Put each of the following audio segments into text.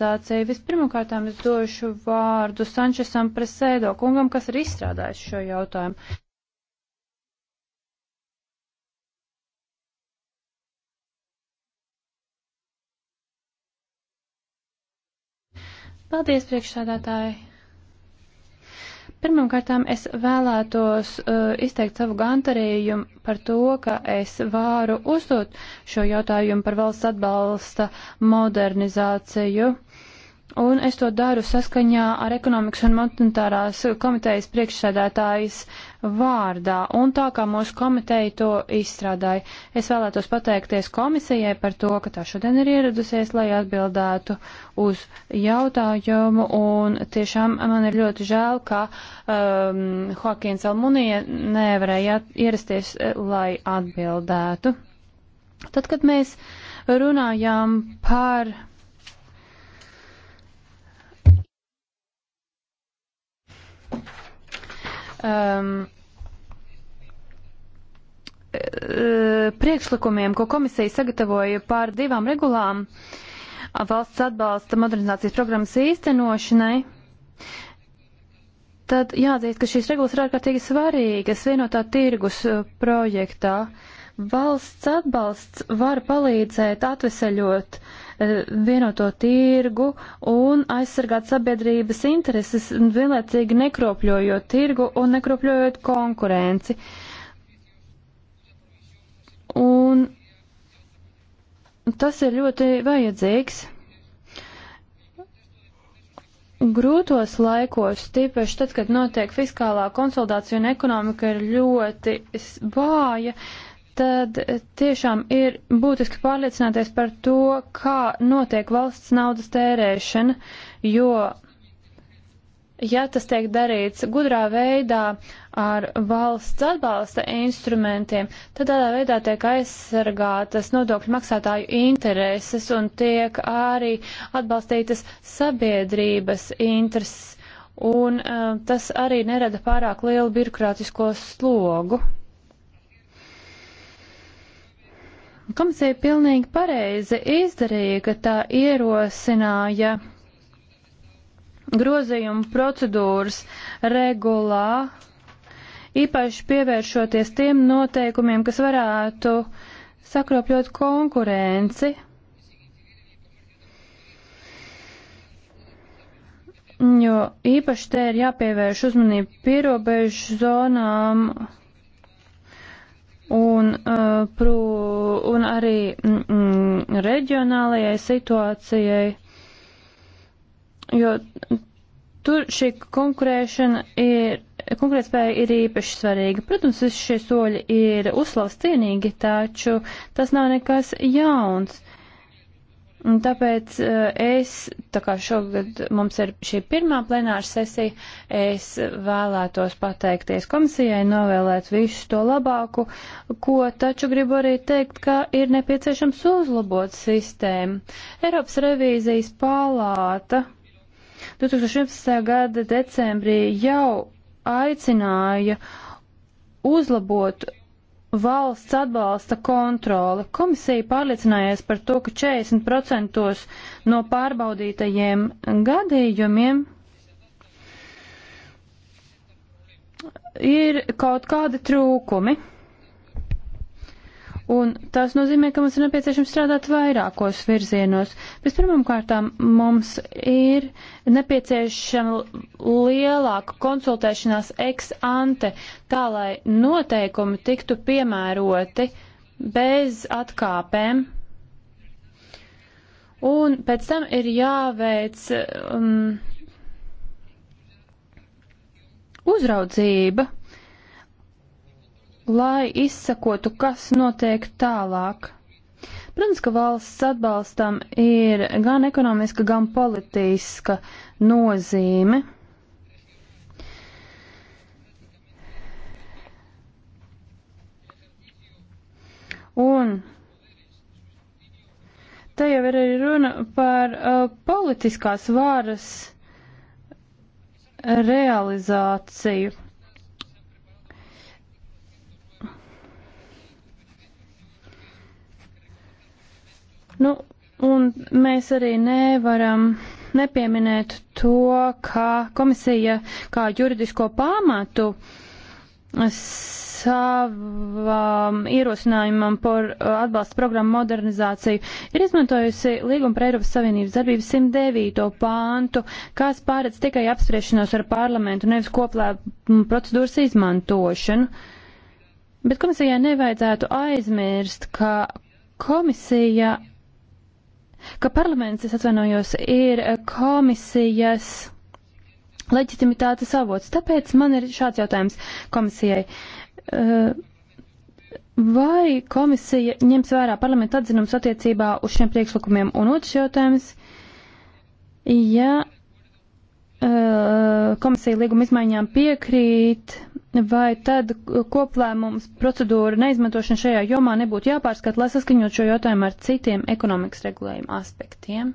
prezentāciju. Vispirmkārtām es došu vārdu Sančesam Presēdo kungam, kas ir izstrādājis šo jautājumu. Paldies, priekšsādātāji! Pirmkārtām es vēlētos uh, izteikt savu gantarījumu par to, ka es vāru uzdot šo jautājumu par valsts atbalsta modernizāciju. Uh, un es to daru saskaņā ar ekonomikas un monetārās komitejas priekšsēdētājas vārdā, un tā kā mūsu komiteja to izstrādāja. Es vēlētos pateikties komisijai par to, ka tā šodien ir ieradusies, lai atbildētu uz jautājumu, un tiešām man ir ļoti žēl, ka um, Hoakins Almunija nevarēja ierasties, lai atbildētu. Tad, kad mēs runājām par um, uh, priekšlikumiem, ko komisija sagatavoja pār divām regulām uh, valsts atbalsta modernizācijas programmas īstenošanai, tad jāatzīst, ka šīs regulas ir ārkārtīgi svarīgas vienotā tirgus uh, projektā. Valsts atbalsts var palīdzēt atveseļot uh, Eh, vienoto tirgu un aizsargāt sabiedrības intereses, vienlaicīgi nekropļojot tirgu un nekropļojot konkurenci. Un tas ir ļoti vajadzīgs. Grūtos laikos, tīpaši tad, kad notiek fiskālā konsolidācija un ekonomika ir ļoti vāja, uh, tad tiešām ir būtiski pārliecināties par to, kā notiek valsts naudas tērēšana, jo, ja tas tiek darīts gudrā veidā ar valsts atbalsta instrumentiem, tad tādā veidā tiek aizsargātas nodokļu maksātāju intereses un tiek arī atbalstītas sabiedrības intereses. Un uh, tas arī nerada pārāk lielu birokrātisko slogu. Komisija pilnīgi pareizi izdarīja, ka tā ierosināja grozījumu procedūras regulā, īpaši pievēršoties tiem noteikumiem, kas varētu sakropļot konkurenci. Jo īpaši te ir jāpievērš uzmanība pierobežu zonām un, uh, prū, un arī mm, mm, reģionālajai situācijai, jo tur šī konkurēšana ir, konkurētspēja ir īpaši svarīga. Protams, visi šie soļi ir uzslavs cienīgi, taču tas nav nekas jauns. Un tāpēc eh, es, tā kā šogad mums ir šī pirmā plenāra sesija, es vēlētos pateikties komisijai, novēlēt visu to labāku, ko taču gribu arī teikt, ka ir nepieciešams uzlabot sistēmu. Eiropas revīzijas palāta 2011. gada decembrī jau aicināja uzlabot valsts atbalsta kontrole. Komisija pārliecinājies par to, ka 40% no pārbaudītajiem gadījumiem ir kaut kādi trūkumi. Un tas nozīmē, ka mums ir nepieciešams strādāt vairākos virzienos. Vispirmām kārtām mums ir nepieciešama lielāka konsultēšanās ex ante, tā lai noteikumi tiktu piemēroti bez atkāpēm. Un pēc tam ir jāveic um, uzraudzība lai izsakotu, kas notiek tālāk. Protams, ka valsts atbalstam ir gan ekonomiska, gan politiska nozīme. Un te jau ir arī runa par uh, politiskās vāras realizāciju. Nu, un mēs arī nevaram nepieminēt to, ka komisija kā juridisko pamatu savam ierosinājumam par uh, atbalsta programmu modernizāciju ir izmantojusi līguma par Eiropas Savienības darbības 109. pāntu, kas pārēc tikai apspriešanos ar parlamentu, nevis koplē procedūras izmantošanu. Bet komisijai nevajadzētu aizmirst, ka komisija ka parlaments, es atvainojos, ir komisijas leģitimitātes avots. Tāpēc man ir šāds jautājums komisijai. Eh, vai komisija ņems vērā parlamenta atzinums attiecībā uz šiem priekšlikumiem? Un otrs jautājums, ja eh, komisija līguma izmaiņām piekrīt, Vai tad koplēmums procedūra neizmantošana šajā jomā nebūtu jāpārskat, lai saskaņot šo jautājumu ar citiem ekonomikas regulējuma aspektiem?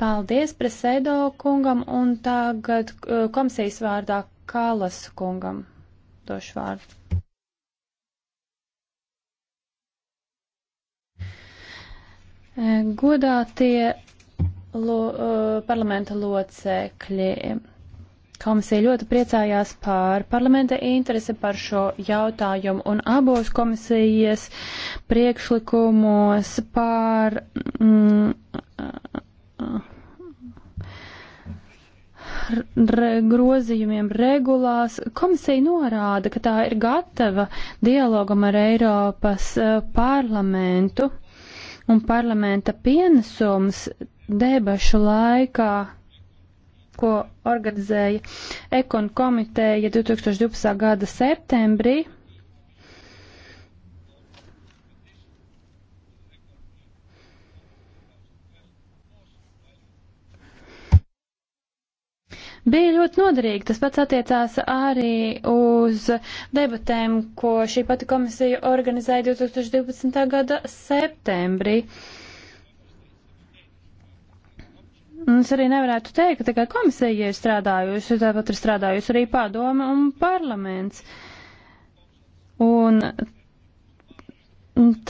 Paldies Presēdo kungam un tagad uh, komisijas vārdā Kālas kungam došu vārdu. Uh, godātie lo, uh, parlamenta locekļi. Komisija ļoti priecājās par parlamenta interesi par šo jautājumu un abos komisijas priekšlikumos par mm, re, grozījumiem regulās. Komisija norāda, ka tā ir gatava dialogam ar Eiropas eh, parlamentu un parlamenta pienesums debašu laikā ko organizēja Ekon komiteja 2012. gada septembrī. bija ļoti noderīgi. Tas pats attiecās arī uz debatēm, ko šī pati komisija organizēja 2012. gada septembrī. Uh, Un es arī nevarētu teikt, ka tikai komisija ir strādājusi, tāpat ir strādājusi arī padome un parlaments. Un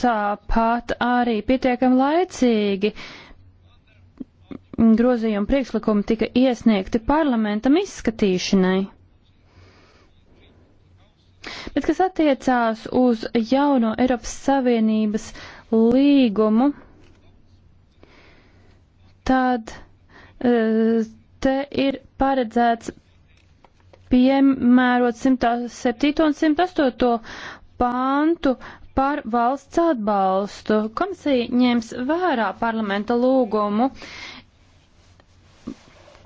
tāpat arī pietiekami laicīgi grozījuma priekšlikumi tika iesniegti parlamentam izskatīšanai. Bet kas attiecās uz jauno Eiropas Savienības līgumu, tad Te ir paredzēts piemērot 107 un 108 pāntu par valsts atbalstu. Komisija ņems vērā parlamenta lūgumu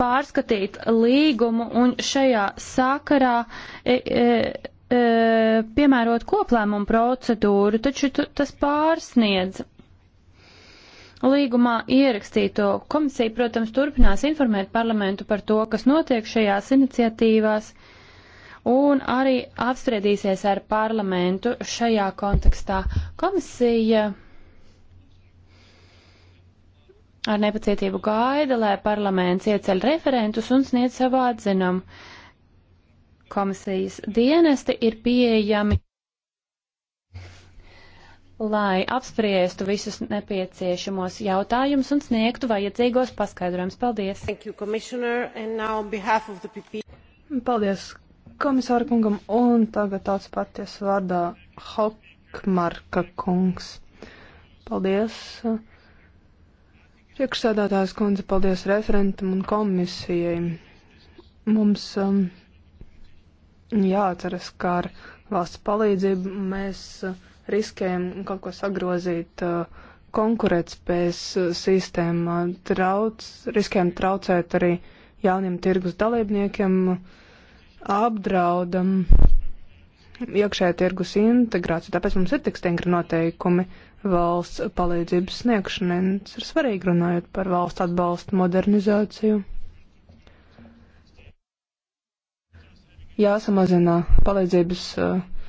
pārskatīt līgumu un šajā sakarā e, e, e, piemērot koplēmumu procedūru, taču tas pārsniedz līgumā ierakstīto. Komisija, protams, turpinās informēt parlamentu par to, kas notiek šajās iniciatīvās, un arī apspriedīsies ar parlamentu šajā kontekstā. Komisija ar nepacietību gaida, lai parlaments ieceļ referentus un sniedz savu atzinumu. Komisijas dienesti ir pieejami lai apspriestu visus nepieciešamos jautājumus un sniegtu vajadzīgos paskaidrojumus. Paldies! You, Paldies komisāra kungam un tagad tāds paties vārdā Hokmarka kungs. Paldies! Priekšsēdētājs kundze, paldies referentam un komisijai. Mums um, jāatceras, ka ar valsts palīdzību mēs uh, riskējam kaut ko sagrozīt uh, konkurētspējas uh, sistēmā, trauc, riskējam traucēt arī jauniem tirgus dalībniekiem, apdraudam iekšējā tirgus integrāciju. Tāpēc mums ir tik stingri noteikumi valsts palīdzības sniegšanai. Tas ir svarīgi runājot par valsts atbalstu modernizāciju. Jāsamazina palīdzības uh,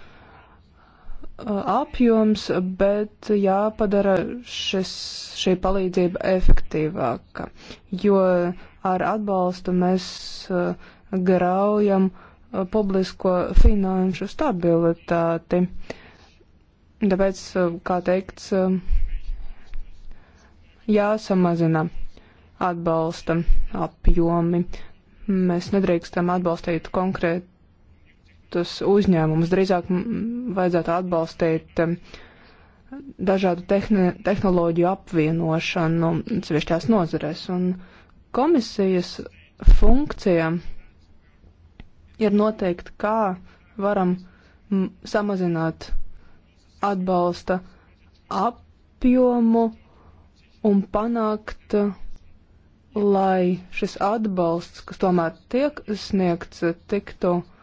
Uh, apjoms, bet jāpadara šis, šī palīdzība efektīvāka, jo ar atbalstu mēs uh, graujam uh, publisko finanšu stabilitāti. Tāpēc, kā teikts, jāsamazina atbalsta apjomi. Mēs nedrīkstam atbalstīt konkrēt dažādus uzņēmumus. Drīzāk vajadzētu atbalstīt dažādu tehne, tehnoloģiju apvienošanu sevišķās nozarēs. Un komisijas funkcija ir noteikti, kā varam samazināt atbalsta apjomu un panākt, lai šis atbalsts, kas tomēr tiek sniegts, tiktu uh,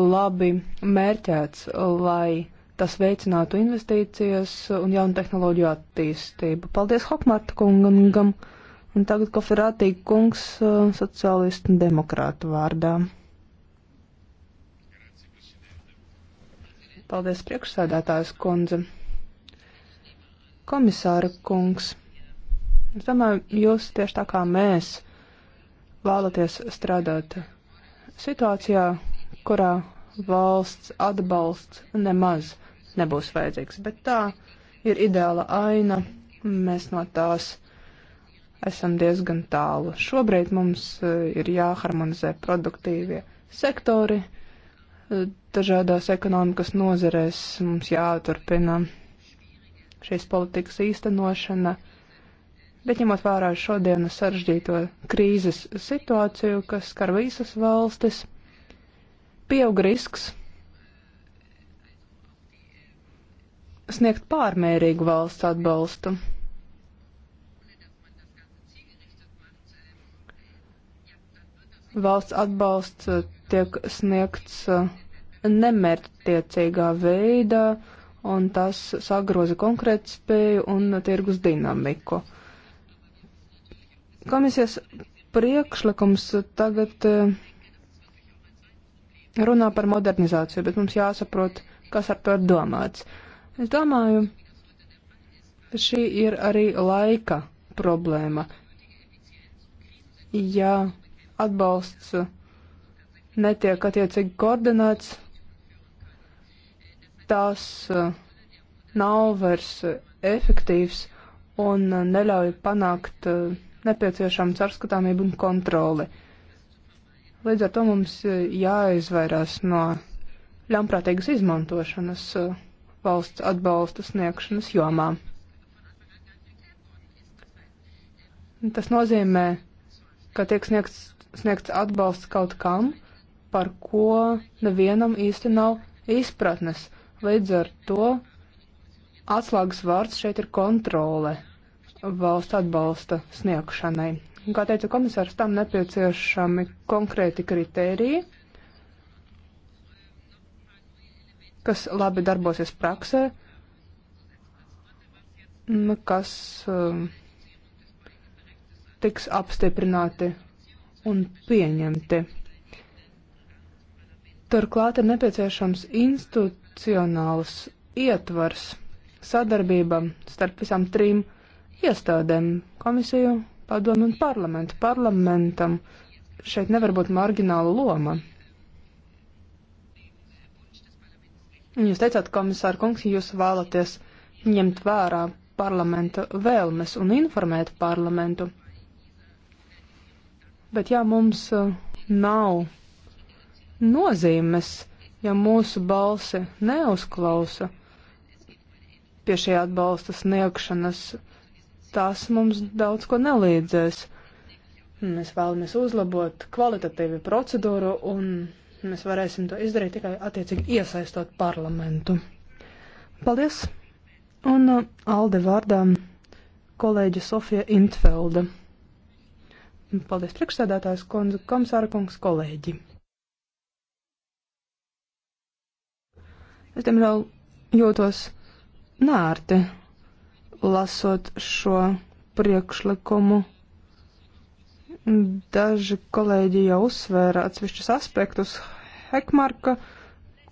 labi mērķēts, lai tas veicinātu investīcijas un jaunu tehnoloģiju attīstību. Paldies Hokmārta kungam, un tagad Koferātī kungs uh, sociālistu un demokrātu vārdā. Paldies priekšsēdētājas kundze. Komisāra kungs, es domāju, jūs tieši tā kā mēs vēlaties strādāt situācijā, kurā valsts atbalsts nemaz nebūs vajadzīgs. Bet tā ir ideāla aina. Mēs no tās esam diezgan tālu. Šobrīd mums eh, ir jāharmonizē produktīvie sektori. Eh, dažādās ekonomikas nozerēs mums jāturpina šīs politikas īstenošana. Bet ņemot vērā šodienas sarežģīto krīzes situāciju, kas skar visas valstis, pieaug risks sniegt pārmērīgu valsts atbalstu. Valsts atbalsts uh, tiek sniegts uh, nemērķtiecīgā veidā, un tas sagroza konkrētu spēju un tirgus dinamiku. Komisijas priekšlikums tagad uh, runā par modernizāciju, bet mums jāsaprot, kas ar to ir domāts. Es domāju, šī ir arī laika problēma. Ja atbalsts netiek attiecīgi koordinēts, tās uh, nav vairs uh, efektīvs un uh, neļauj panākt nepieciešamu caurskatāmību un kontroli. Uh, Līdz ar to mums e, jāizvairās no ļaunprātīgas izmantošanas e, valsts atbalsta sniegšanas jomā. Tas nozīmē, ka tiek sniegts, sniegts atbalsts kaut kam, par ko nevienam īsti nav izpratnes. Līdz ar to atslēgas vārds šeit ir kontrole valsts atbalsta sniegšanai Kā teica komisārs, tam nepieciešami konkrēti kriteriji, kas labi darbosies praksē, nu, kas um, tiks apstiprināti un pieņemti. Turklāt ir nepieciešams institucionāls ietvars sadarbībam starp visām trim iestādēm - komisiju, padomu un parlamentu. Parlamentam šeit nevar būt margināla loma. Jūs teicāt, komisāra kungs, jūs vēlaties ņemt vērā parlamenta vēlmes un informēt parlamentu. Bet ja mums uh, nav nozīmes, ja mūsu balsi neuzklausa pie šī atbalsta sniegšanas, uh, tas mums daudz ko nelīdzēs. Mēs vēlamies uzlabot kvalitatīvi procedūru, un mēs varēsim to izdarīt tikai attiecīgi iesaistot parlamentu. Paldies! Un uh, Alde vārdām kolēģa Sofija Intfelda. Paldies priekšsēdētājs kundze, komisāra kungs, kolēģi. Es, diemžēl, jūtos nērti lasot šo priekšlikumu. Daži kolēģi jau uzsvēra atsevišķus aspektus. Hekmarka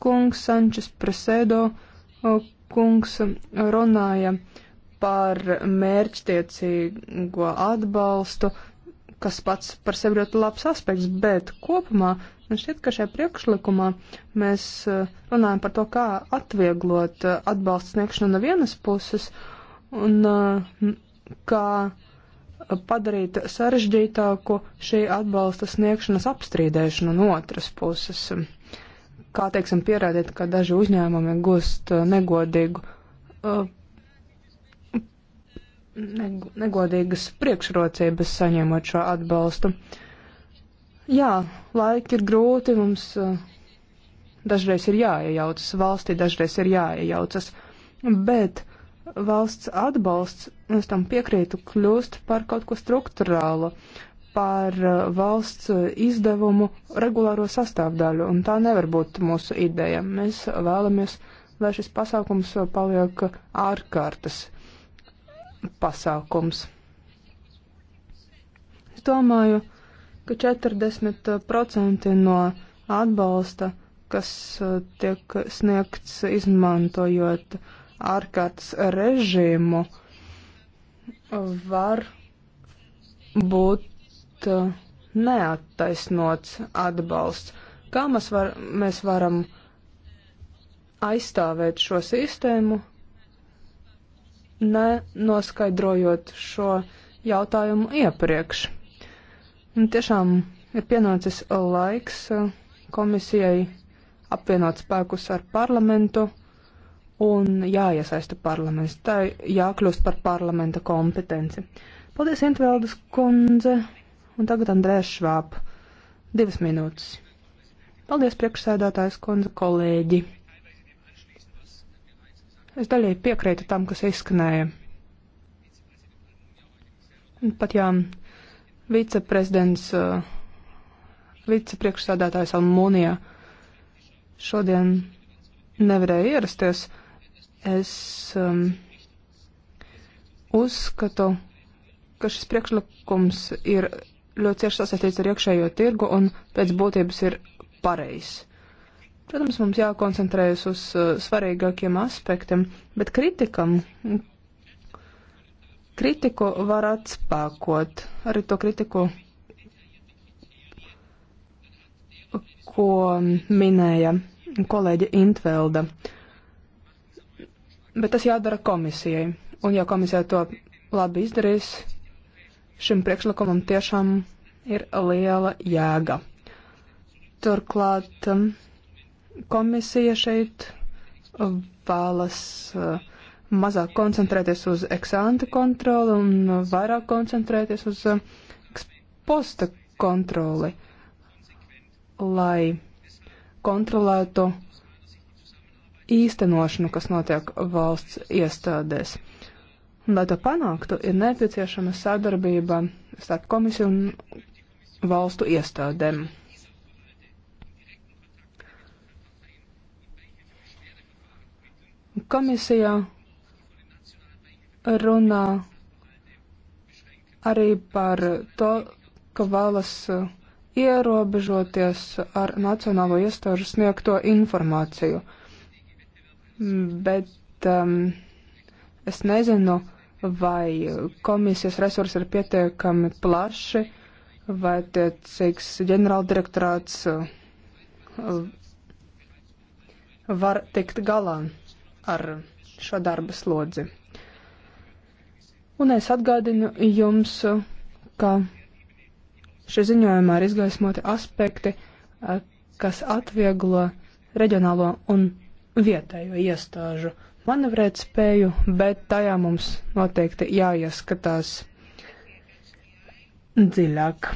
kungs, Sančes Presēdo kungs runāja par mērķtiecīgo atbalstu, kas pats par sevi ļoti labs aspekts, bet kopumā man šķiet, ka šajā priekšlikumā mēs runājam par to, kā atvieglot atbalstu sniegšanu no vienas puses un uh, kā padarīt sarežģītāku šī atbalsta sniegšanas apstrīdēšanu no otras puses. Kā, teiksim, pierādīt, ka daži uzņēmumi gūst uh, negodīgu, uh, negodīgas priekšrocības saņemot šo atbalstu. Jā, laiki ir grūti, mums dažreiz ir jāiejaucas valstī, dažreiz ir jāiejaucas, bet valsts atbalsts, un nu, es tam piekrītu, kļūst par kaut ko struktūrālu, par uh, valsts uh, izdevumu regulāro sastāvdaļu, un tā nevar būt mūsu ideja. Mēs vēlamies, lai šis pasākums paliek ārkārtas pasākums. Es domāju, ka 40% no atbalsta, kas uh, tiek sniegts izmantojot uh, ārkārtas režīmu var būt uh, neattaisnots atbalsts. Kā mēs, var, mēs varam aizstāvēt šo sistēmu, nenoskaidrojot šo jautājumu iepriekš? Un tiešām ir pienācis laiks uh, komisijai apvienot spēkus ar parlamentu un jāiesaista parlaments. Tā jākļūst par parlamenta kompetenci. Paldies, Intveldes kundze, un tagad Andrēs Švāp. Divas minūtes. Paldies, priekšsēdētājs kundze, kolēģi. Es daļai piekrītu tam, kas izskanēja. Pat jā, viceprezidents, uh, vicepriekšsādātājs Almūnijā šodien nevarēja ierasties. Es um, uzskatu, ka šis priekšlikums ir ļoti cieši sasaistīts ar iekšējo tirgu un pēc būtības ir pareizs. Protams, mums jākoncentrējas uz uh, svarīgākiem aspektiem, bet kritikam, kritiku var atspēkot, arī to kritiku, ko minēja kolēģe Intvelda. Bet tas jādara komisijai. Un ja komisija to labi izdarīs, šim priekšlikumam tiešām ir liela jēga. Turklāt um, komisija šeit vēlas uh, mazāk koncentrēties uz eksāntu kontroli un vairāk koncentrēties uz uh, eksposta kontroli, lai kontrolētu īstenošanu, kas notiek valsts iestādēs. Un, lai to panāktu, ir nepieciešama sadarbība starp komisiju un valstu iestādēm. Komisija runā arī par to, ka vēlas uh, ierobežoties ar Nacionālo iestāžu sniegto informāciju. Uh, bet um, es nezinu, vai komisijas resursi ir pietiekami plaši, vai tiecīgs ģenerāldirektorāts uh, var tikt galā ar šo darba slodzi. Un es atgādinu jums, ka šī ziņojumā ir izgaismoti aspekti, eh, kas atvieglo reģionālo un vietējo iestāžu manevrēt spēju, bet tajā mums noteikti jāieskatās dziļāk.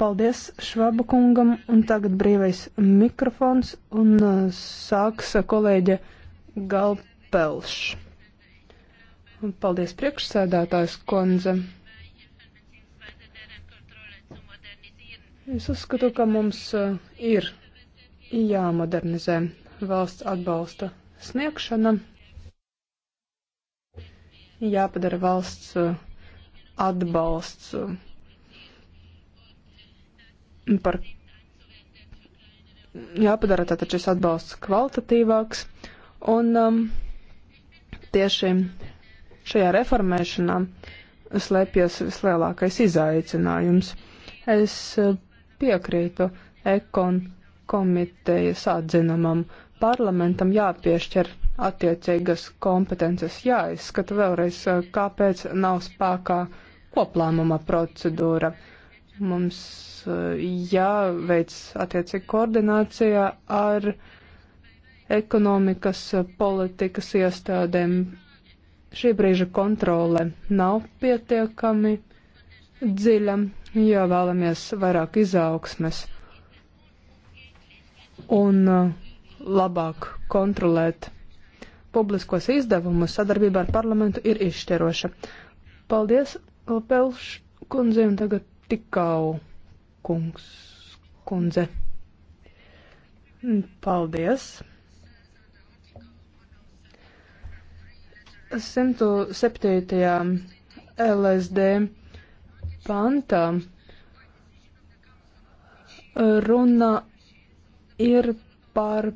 Paldies Švaba kungam, un tagad brīvais mikrofons, un uh, sāks kolēģe Galpelš. Paldies priekšsēdētājs kundze. Es uzskatu, ka mums uh, ir jāmodernizē valsts atbalsta sniegšana, jāpadara valsts uh, atbalsts uh, par jāpadara tātad šis atbalsts kvalitatīvāks, un um, tieši šajā reformēšanā slēpjas vislielākais izaicinājums. Es uh, piekrītu ekon komitejas atzinumam, uh, parlamentam jāpiešķir attiecīgas kompetences, jāizskata vēlreiz, eh, kāpēc nav spēkā koplāmuma procedūra. Mums eh, jāveic attiecīgi koordinācija ar ekonomikas eh, politikas iestādēm. Šī brīža kontrole nav pietiekami dziļa, jo vēlamies vairāk izaugsmes. Un uh, labāk kontrolēt publiskos izdevumus sadarbībā ar parlamentu ir izšķiroša. Paldies, Pelš kundze, un tagad tikau kungs, kundze. Paldies. 107. LSD pantā runa ir par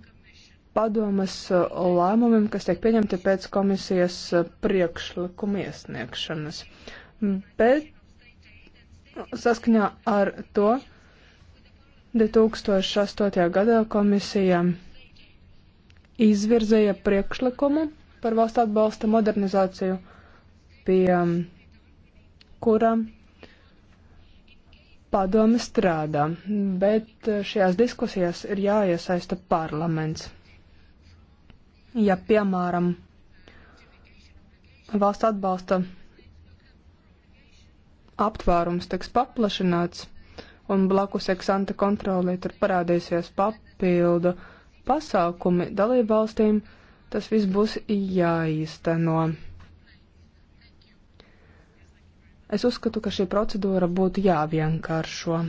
padomas uh, lēmumiem, kas tiek pieņemti pēc komisijas uh, priekšlikuma iesniegšanas. Mm, bet uh, saskaņā ar to 2008. gadā komisija izvirzīja priekšlikumu par valsts atbalsta modernizāciju, pie um, kura padome strādā, bet šajās diskusijās ir jāiesaista parlaments ja, piemēram, valsts atbalsta aptvērums tiks paplašināts un blakus eksante kontrolē tur parādīsies papildu pasākumi dalībvalstīm, tas viss būs jāīsteno. Es uzskatu, ka šī procedūra būtu jāvienkāršo.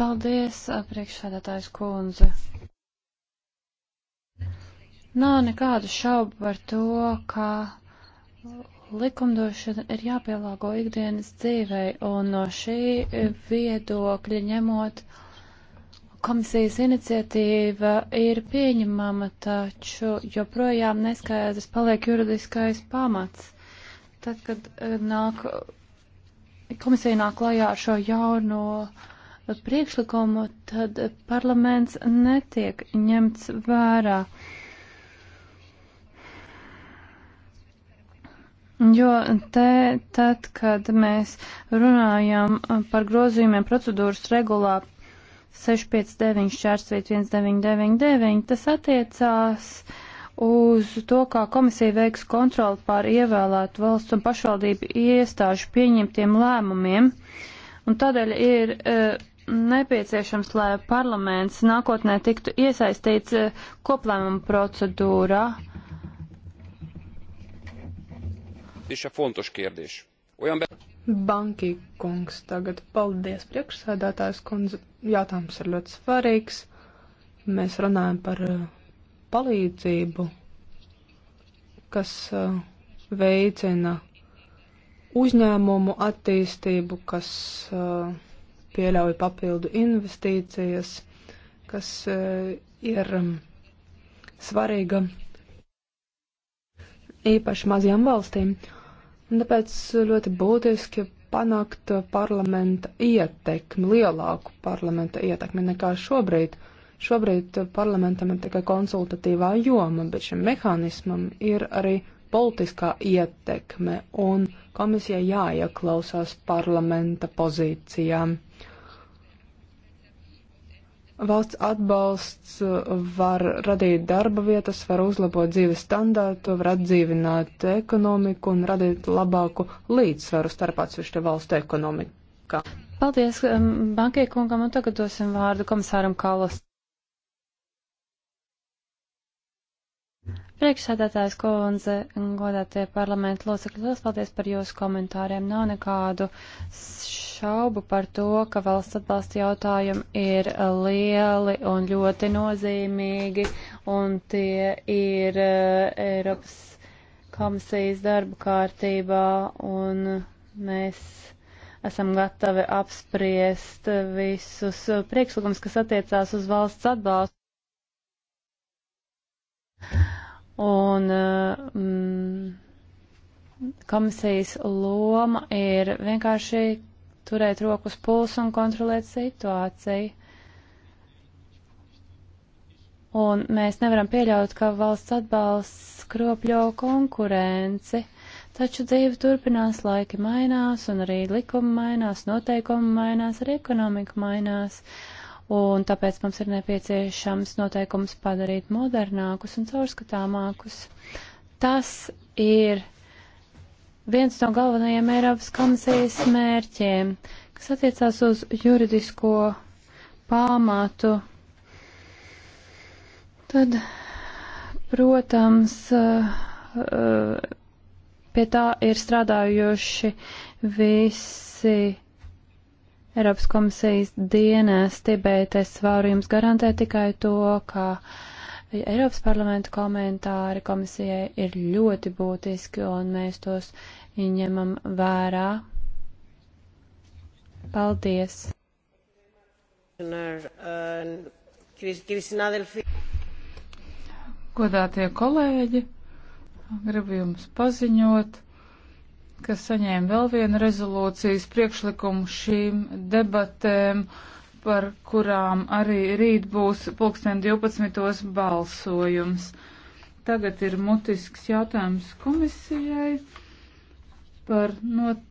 Paldies, priekšsēdētājs kundze. Nav nekādu šaubu par to, ka likumdošana ir jāpielāgo ikdienas dzīvei, un no šī viedokļa ņemot komisijas iniciatīva ir pieņemama, taču joprojām neskaidrs paliek juridiskais pamats. Tad, kad e, nāk, komisija nāk klajā ar šo jauno uh, priekšlikumu, tad parlaments netiek ņemts vērā. Jo te, tad, kad mēs runājam par grozījumiem procedūras regulā 659 šķērsvīt 1999, tas attiecās uz to, kā komisija veiks kontroli pār ievēlētu valsts un pašvaldību iestāžu pieņemtiem lēmumiem. Un tādēļ ir uh, nepieciešams, lai parlaments nākotnē tiktu iesaistīts eh, koplēmuma procedūrā? És a fontos kérdés. Olyan be... Banki kungs tagad. Paldies, priekšsēdētājs kundze. Jātājums ir ļoti svarīgs. Mēs runājam par eh, palīdzību, kas eh, veicina uzņēmumu attīstību, kas uh, pieļauj papildu investīcijas, kas eh, ir mm, svarīga īpaši mazajām valstīm. Un tāpēc ļoti būtiski panākt parlamenta ietekmi, lielāku parlamenta ietekmi nekā šobrīd. Šobrīd parlamentam ir tikai konsultatīvā joma, bet šim mehānismam ir arī politiskā ietekme un komisija jāieklausās parlamenta pozīcijām. Valsts atbalsts uh, var radīt darba vietas, var uzlabot dzīves standārtu, var atdzīvināt ekonomiku un radīt labāku līdzsvaru starp atsevišķu valstu ekonomiku. Paldies, um, Bankai kungam, un tagad dosim vārdu komisāram Kalas. Priekšsēdētājs kundze, godātie parlamentu locekļi, liels paldies par jūsu komentāriem. Nav nekādu šaubu par to, ka valsts atbalsta jautājumi ir lieli un ļoti nozīmīgi, un tie ir eh, Eiropas komisijas darba kārtībā, un mēs esam gatavi apspriest visus priekšlikumus, kas attiecās uz valsts atbalstu. Un eh, mm, komisijas loma ir vienkārši turēt rokas pulsu un kontrolēt situāciju. Un mēs nevaram pieļaut, ka valsts atbalsts skropļo konkurenci, taču dzīve turpinās, laiki mainās, un arī likumi mainās, noteikumi mainās, arī ekonomika mainās. Uh, un tāpēc mums ir nepieciešams noteikums padarīt modernākus un caurskatāmākus. Tas ir viens no galvenajiem Eiropas komisijas mērķiem, kas attiecās uz juridisko pamatu. Tad, protams, eh, pie tā ir strādājuši visi Eiropas komisijas dienas Tibetē es varu jums garantēt tikai to, ka Eiropas parlamenta komentāri komisijai ir ļoti būtiski un mēs tos ņemam vērā. Paldies! Godātie kolēģi, gribu jums paziņot ka saņēma vēl vienu rezolūcijas priekšlikumu šīm debatēm, par kurām arī rīt būs pulksten 12. balsojums. Tagad ir mutisks jautājums komisijai par not